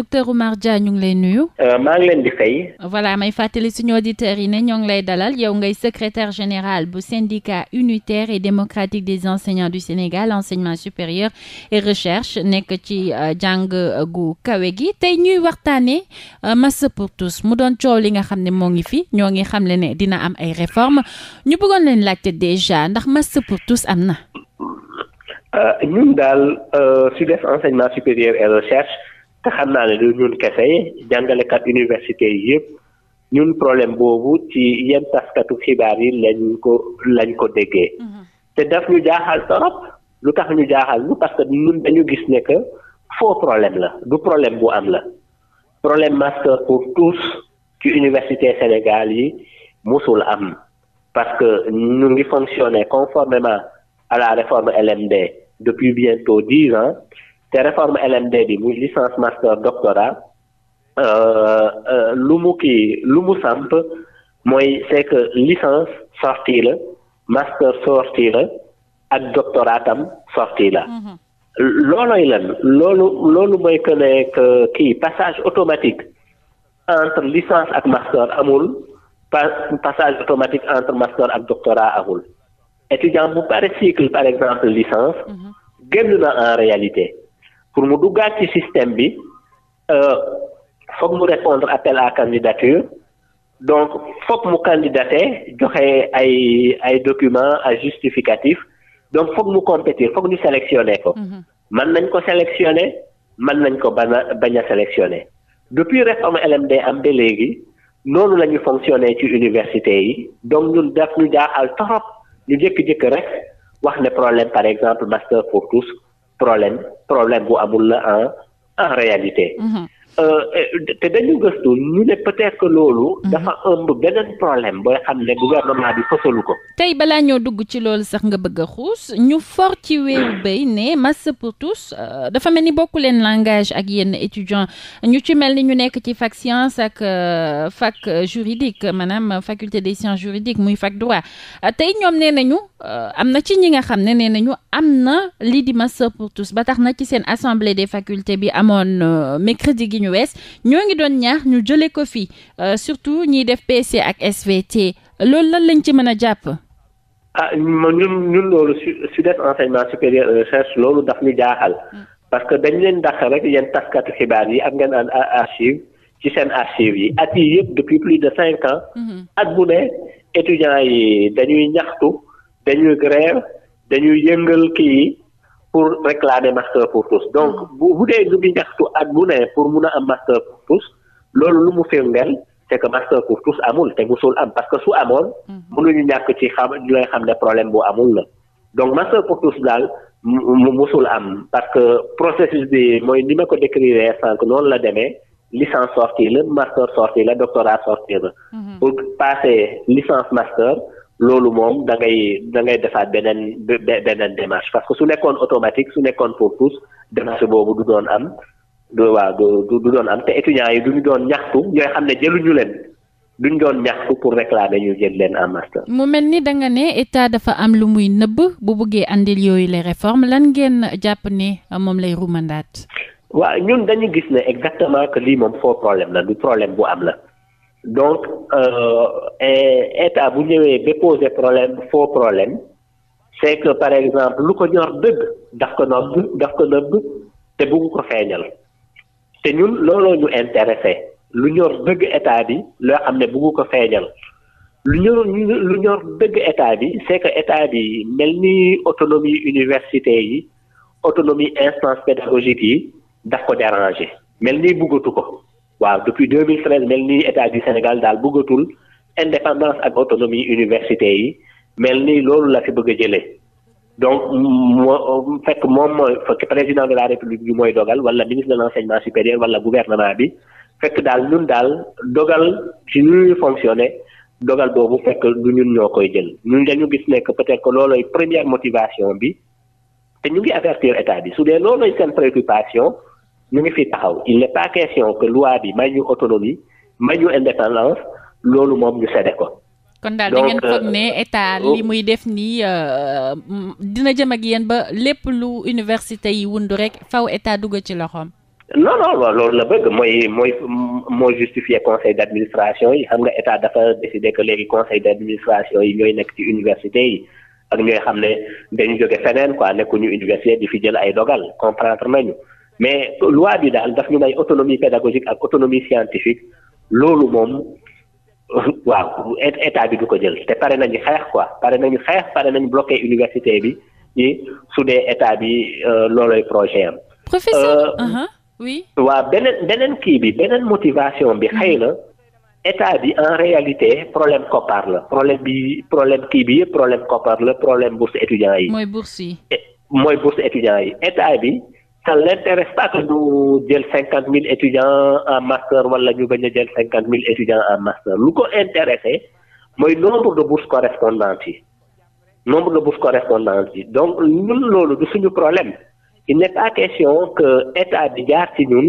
docteur Oumar Dia ñu ngi lay nuyu. Euh, maa ngi leen di fay. voilà may fàttali suñu auditeurs yi ne ñoo ngi lay dalal yow ngay secretaire général bu syndicat unitaire et démocratique des enseignants du Sénégal enseignement supérieur et recherche nekk ci euh, jàng euh, gu kawe gi tey ñuy waxtaanee master pour tous mu doon coow li nga xam ne moo ngi fi ñoo ngi xam le ne dina am ay réformes ñu bëggoon leen laajte déjà ndax master pour tous am na. ñun daal su def enseignement te xam naa ne du ñun kese jàngalekat université yi yëpp ñun problème boobu ci yenn taskatu xibaar yi lañ ko lañ ko déggee mhm. te daf ñu jaaxal torop lu tax ñu jaaxal lu parce que ñun dañu gis ne que faux problème la du problème bu am la problème master pour tous ci université Sénégal yi musul am parce que ñu ngi fonctionner conformément à la réforme LMD depuis bientôt dix ans te réforme LMD bi muy licence master doctorat euh, euh, lu mu kii lu mu samp mooy c'est que licence sortie la master sortie la ak doctorat tam sortie la mhm. loolooy lan loolu loolu mooy que ne passage automatique entre licence ak master amul passage automatique entre master ak doctorat amul étudiant bu pare cycle par exemple licence mhm. génn na en réalité pour mu duggaat ci système bi euh, foog mu répondre appel à candidature donc foog mu candidaté joxe ay ay documents ay justificatif donc foog mu compétir foog ñu sélectionné ko. Mhm. mën nañ ko sélectionné mën nañ ko bañ a bañ a sélectionné depuis réforme LMD am ba léegi noonu la ñu fonctionné ci université yi donc ñun daf ñu jaaxal trop ñu jékki-jékki rek wax ne problème par exemple master pour tous. problème problème bu amul la en en réalité. Mm-hmm. Euh, te dañu gëstu ñu ne peut-être loolu. Mhm. dafa ëmb beneen problème booy xam ne gouvernement bi fësalu ko. tey balaa ñoo dugg ci loolu sax nga bëgg a xuus ñu for ci wéeru béy ne masse pour tous euh, dafa mel ni bokku leen langage ak yenn étudiants ñu ci mel ni ñu nekk ci fac science ak euh, fac juridique maanaam faculté de sciences juridiques muy fac droit tey ñoom nee nañu am na ci ñi nga xam ne ne nañu am na lii di masse pour tous ba tax na ci seen assemblée des facultés ñu ñoo ngi doon ñaax ñu jëlee ko fi euh, surtout ñiy def PC ak SVT loolu lan lañ ci mën a jàpp. ah ñun ñun loolu su su def enseignement recherche loolu ndax ñu jaaxal. Hmm. parce que dañ leen dàq rek yéen taskatu xibaar yi am ngeen an archive ci seen archive yi at yi yëpp depuis plus de cinq ans. Hmm. at bu ne étudiants yi dañuy ñaxtu dañuy grève dañuy yëngal kii yi. pour réclamer master pour tous donc hmm. bu bu dee ñu ngi ñaxtu at bu ne pour mun a am master pour tous loolu lu mu firndeel c'est que master pour tous amul te musul am parce que su amoon hmm. mënuñu ñàkk ci xam ñu xam ne problème bu amul la donc master pour tous daal mu musul am parce processus bi mooy ni ma ko décrire sànq noonu la demee licence sortie la master sortie la doctorat sortie la hmm. pour passer licence master loolu moom da ngay da ngay defaat beneen beneen démarche parce que su nekkoon automatique su nekkoon pour tous démarche boobu du doon am du waaw du du doon am te étudiants yi ñu doon ñaxtu ñooy xam ne jëluñu leen duñ doon ñaxtu pour réclamer ñu jël leen en master. mu mel ni da nga ne état dafa am lu muy nëbb bu bëggee andil yooyu les réformes lan ngeen jàpp ne moom lay rumandaat. waa ñun dañu gis ne exactement que lii moom faux problème la du problème bu am la. donc euh, état bu ñëwee ba poser problème faux problème c'est que par exemple lu ko ñor dëgg daf ko nëbb daf ko nëbb te bëgg ko feeñal te ñun looloo ñu intéressé lu ñor dëgg état bi loo xam ne bëgg ko feeñal lu ñor lu ñor dëgg état bi c'est que état bi mel ni autonomie université yi autonomie instance pédagogique yi daf ko déranger mel ni buggatu ko. waaw depuis 2013 mel ni état bi Sénégal daal bëggatul indépendance ak autonomie université yi mel ni loolu la fi bëgg a jëlee donc moo fekk moom mooy fekk président de la république bi mooy dogal wala ministre de l' enseignement supérieur wala gouvernement bi fekk daal ñun daal dogal ci nu ñuy fonctionner dogal boobu fekk du ñun ñoo koy jël ñun dañu gis nekk que peut-être que loolooy première motivation bi te ñu ngi avertir état bi su dee loolooy seen préoccupation. ñu ngi fi taxaw il n'est pas question que loi bi may ñu autonomie may ñu indépendance loolu moom ñu séddee ko. kon daal da ngeen foog ne euh, état oh. li muy def nii euh, mm, dina jëm ak yéen ba lépp lu université yi wundu rek faw état dugg ci loxoom. non non loolu la bëgg mooy mooy mooy justifier conseil d' yi xam nga état dafa décider que léegi conseil d' yi ñooy nekk ci université yi ak ñooy xam ne dañu jóge feneen quoi nekkuñu université di fi jël ay dogal comprendre nañu. mais loi bi daal daf ñu may autonomie pédagogique ak autonomie scientifique loolu moom waaw état bi du ko jël te pare nañu xeex quoi pare nañu xeex pare nañu bloqué université bi ci su dee état bi euh, looloy projet am. professeur euh, uh-huh, oui. waaw beneen beneen kii bi beneen motivation bi xëy na état bi en réalité problème koppar la problème bi problème kii bi yëpp problème koppar la problème bourse étudiants yi. mooy bourse yi. mooy bourse étudiants yi état bi. ça l'intéresse pas jël cinquante mille étudiants en master wala ñu bañ a jël cinquante mille étudiants en master lu ko intéressé mooy nombre de bourses correspondantes yi nombre de bourses correspondantes yi donc ñun loolu du suñu problème il n'est pas question que état bi jaar ci ñun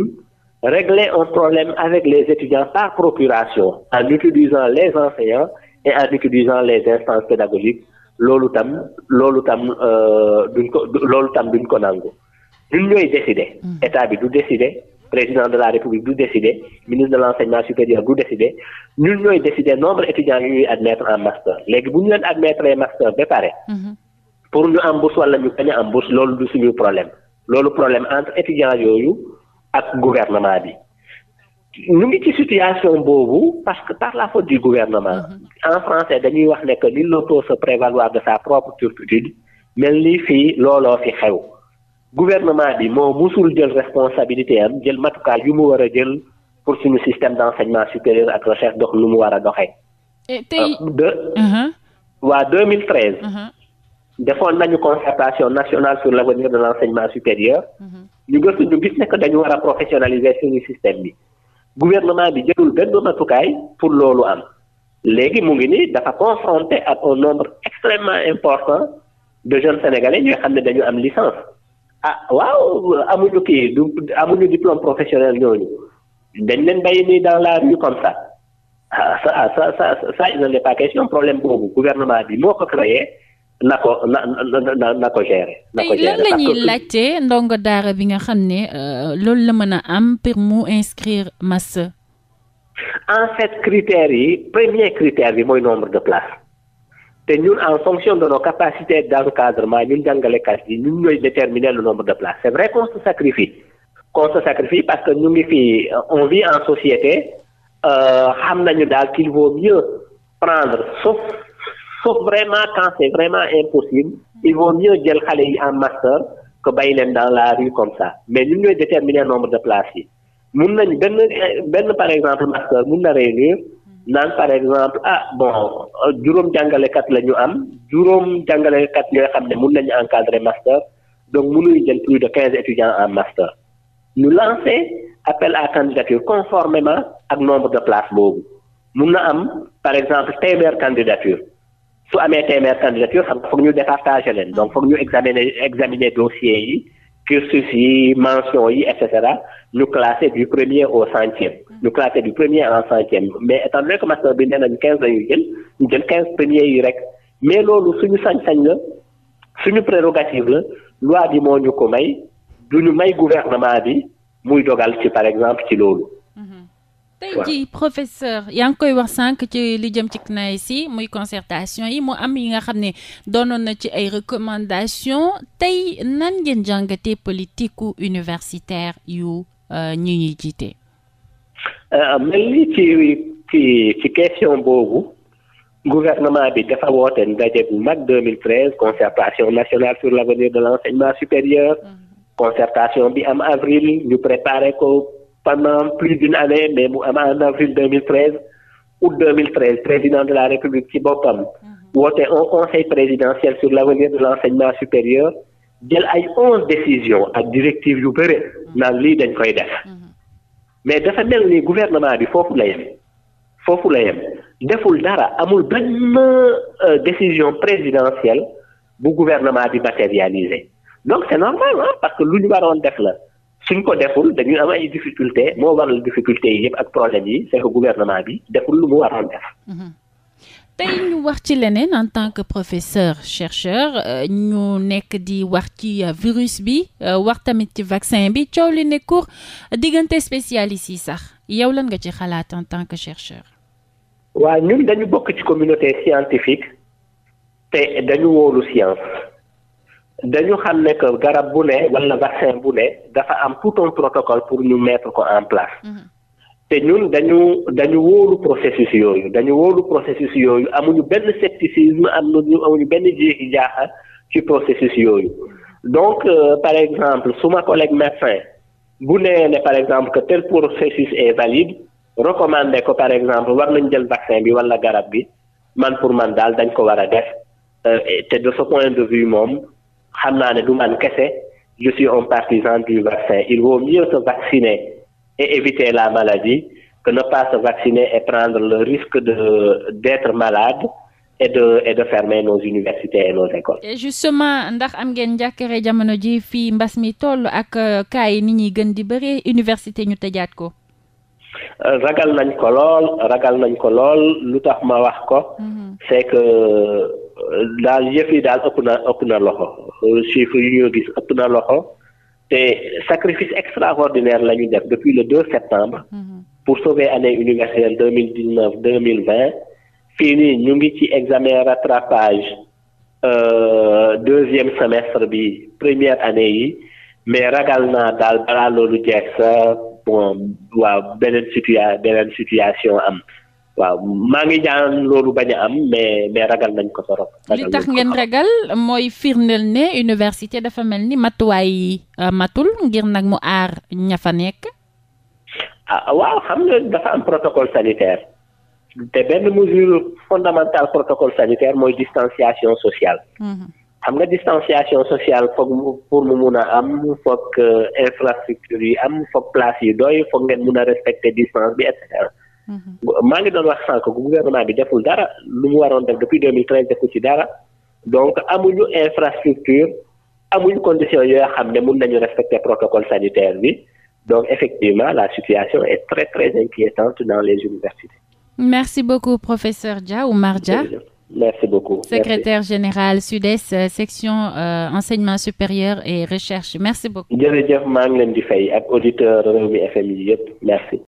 régler un problème avec les étudiants par procuration en utilisant les enseignants et en utilisant les instances pédagogiques loolu tam loolu tam euh, duñ ko loolu tam duñ ko nangu ñun ñooy décider. Mm-hmm. état bi du décider président de la république du décider ministre de l' enseignement supérieur du décider ñun ñooy décider nombre étudiants yi ñuy admettre en master léegi bu ñu leen admettre master ba pare. Mm-hmm. pour ñu am bourse wala ñu bañ a am bourse loolu du suñu problème loolu problème entre étudiants yooyu ak gouvernement bi ñu ngi ci situation boobu parce que par la faute du gouvernement mm-hmm. en français dañuy wax ne que nul ne peut se prévaloir de sa propre turpitude mel ni fii looloo fi gouvernement bi moo musul jël responsabilité am jël matukaay yu mu war a jël pour suñu système d'enseignement supérieur ak recherche dox lu mu war a doxee. tey euh, de. Uh-huh. waa 2013. Uh-huh. defoon nañu concertation nationale sur l'avenir de l'enseignement supérieur. Uh-huh. ñu gëstu ñu gis ne dañu war a professionnaliser suñu système bi. gouvernement bi jëlul benn matukaay pour loolu am. léegi mu ngi nii dafa confronté ak un nombre extrêmement important de jeunes sénégalais ah waaw amuñu kii du amuñu diplôme professionnel ñooñu dañ leen bàyyi nii dans la rue comme ça ah ça ah, ça ça ça il n'est pas question problème boobu gouvernement bi moo ko créé na ko na na na ko gérer. na ko gérer lan la ñuy laajte ndongo daara bi nga xam ne euh, loolu la mën a am pour mu inscrire master. en fait critères yi premier critère bi mooy nombre de places. te ñun en fonction de nos capacités d'encadrement ñun jàngalekat yi ñun ñooy déterminer le nombre de places c'est vrai qu'on se sacrifie qu'on parce que ñu ngi fii on vit en société euh, xam nañu daal qu'il vaut mieux prendre sauf sauf vraiment quand c'est vraiment impossible il vaut mieux jël xale yi en master que bay leen dans la rue comme ça mais ñun ñooy déterminer nombre de places yi mun na ñu benn benn par exemple master mun na réunir naan par exemple ah bon juróom jàngalekat la ñu am juróom jàngalekat ñooy xam ne mun nañu encadrer master donc mënuñu jël plus de quinze étudiants en master ñu lancer appel à candidature conformément ak nombre de place boobu mun na am par exemple téeméer candidature su amee téeméer candidature xam nga foog ñu départager leen donc foog ñu examiner examiner dossiers yi cursus yi mention yi et cetera ñu classer du premier au centième ñu classé du premier en cinquième mais étant donné que master bi nee nañ quinze lañuy jël ñu jël quinze premiers yi rek mais loolu suñu sañ-sañ la suñu prérogative la loi bi moo ñu ko may du ñu may gouvernement bi muy jogal ci par exemple ci loolu. Mhm. tey jii professeur yaa ngi koy wax sànq ci li jëm ci CNAES yi muy concertation yi mu am yi nga xam ne doonoon na ci ay recommandation tey nan ngeen jàngatee politique universitaire yu euh, ñu ñuy jiite. Euh, mel ni ci ci ci question boobu gouvernement bi dafa woote ndaje bu mag 2013 concertation nationale sur l'avenir de l'enseignement supérieur mm-hmm. concertation bi am avril ñu préparé ko pendant plus d'une année mais mu am en avril 2013 août 2013 président de la république ci boppam mm-hmm. woote un conseil présidentiel sur l'avenir de l'enseignement supérieur jël ay onze décisions ak directives yu bëre mm-hmm. naan lii dañ koy def mais dafa mel ni gouvernement bi foofu la yem foofu la yem deful dara amul benn euh, décision présidentielle bu gouvernement bi matérialisé donc c'est normal ah parce que lu ñu waroon def la suñ ko deful dañuy am ay difficulté moo waral difficulté yi yëpp ak problème yi c'est que gouvernement bi deful lu mu waroon def mm-hmm. tey ñu wax ci leneen en tant que professeur chercheur euh, ñu nekk di wax ci euh, virus bi euh, wax tamit ci vaccin bi coow li nekkur diggante spécialistes yi sax yow lan nga ci xalaat en tant que chercheur. waa ñun dañu bokk ci communauté scientifique te dañu wóolu science dañu xam ne garab bu ne walla vaccin bu ne dafa am tout un protocole pour ñu mettre ko en place. Mm-hmm. te ñun dañu dañu wóolu processus yooyu dañu wóolu processus yooyu amuñu benn scepticisme am nañu amuñu benn jéexi jaaxa ci processus yooyu donc euh, par exemple suma collègue médecin bu nee ne par exemple que tel processus est valide recommandé ko par exemple war nañ jël vaccin bi wala garab bi man pour man daal dañ ko war a def euh, te de ce point de vue moom xam naa ne du man kese je suis un partisan du vaccin il vaut mieux se vacciner et éviter la maladie que ne pas se vacciner et prendre le risque de d'être malade et de et de fermer nos universités et nos écoles. et justement ndax am ngeen njàkkare jamono ji fii mbas mi toll ak euh, cas yi ni ñuy gën di bëree université ñu tëjaat ko. Euh, ragal nañ ko lool ragal nañ ko lool lu tax ma wax ko. Mhm. c'est que euh, daal yëf yi daal ëpp na ëpp na loxo chiffre yu ñu gis ëpp na loxo. te sacrifice extraordinaire la ñu def depuis le 2 septembre. Mhm. pour sauver année universitaire deux mille dix neuf deux mille vingt. fii ñu ngi ci examen rattrapage euh, deuxième semestre bi première année yi mais ragal na daal balaa lu jeex sa bon waaw beneen situa beneen situation am. waaw maa ngi ñaan loolu bañ a am mais mais ragal nañ ko torop li tax ngeen ragal mooy firndeel ne université dafa mel ni matuwaay euh, matul ngir nag mu aar ña fa nekk. ah waaw xam nga dafa am protocole sanitaire te benn mesure fondamentale protocole sanitaire mooy distanciation sociale. Mhm. xam nga distanciation sociale foog mu pour mu mun a am foog euh, infrastructure yi am foog place yi doy foog ngeen mun a respecter distance bi et maa ngi doon wax sànq gouvernement bi deful dara lu mu waroon def depuis 2013 deful ci dara donc amu ñu infrastructure amuñu condition yo xam ne mun nañu respecter protocole sanitaire bi donc effectivement la situation est très très inquiétante dans les universités. merci beaucoup professeur Dia Oumar Dia. Merci beaucoup. Secrétaire Merci. général Sud-Est euh, section euh, enseignement supérieur et recherche. Merci beaucoup. jërëjëf maa ngi leen di fay ak auditeur Rewmi FM yi yëpp. Merci.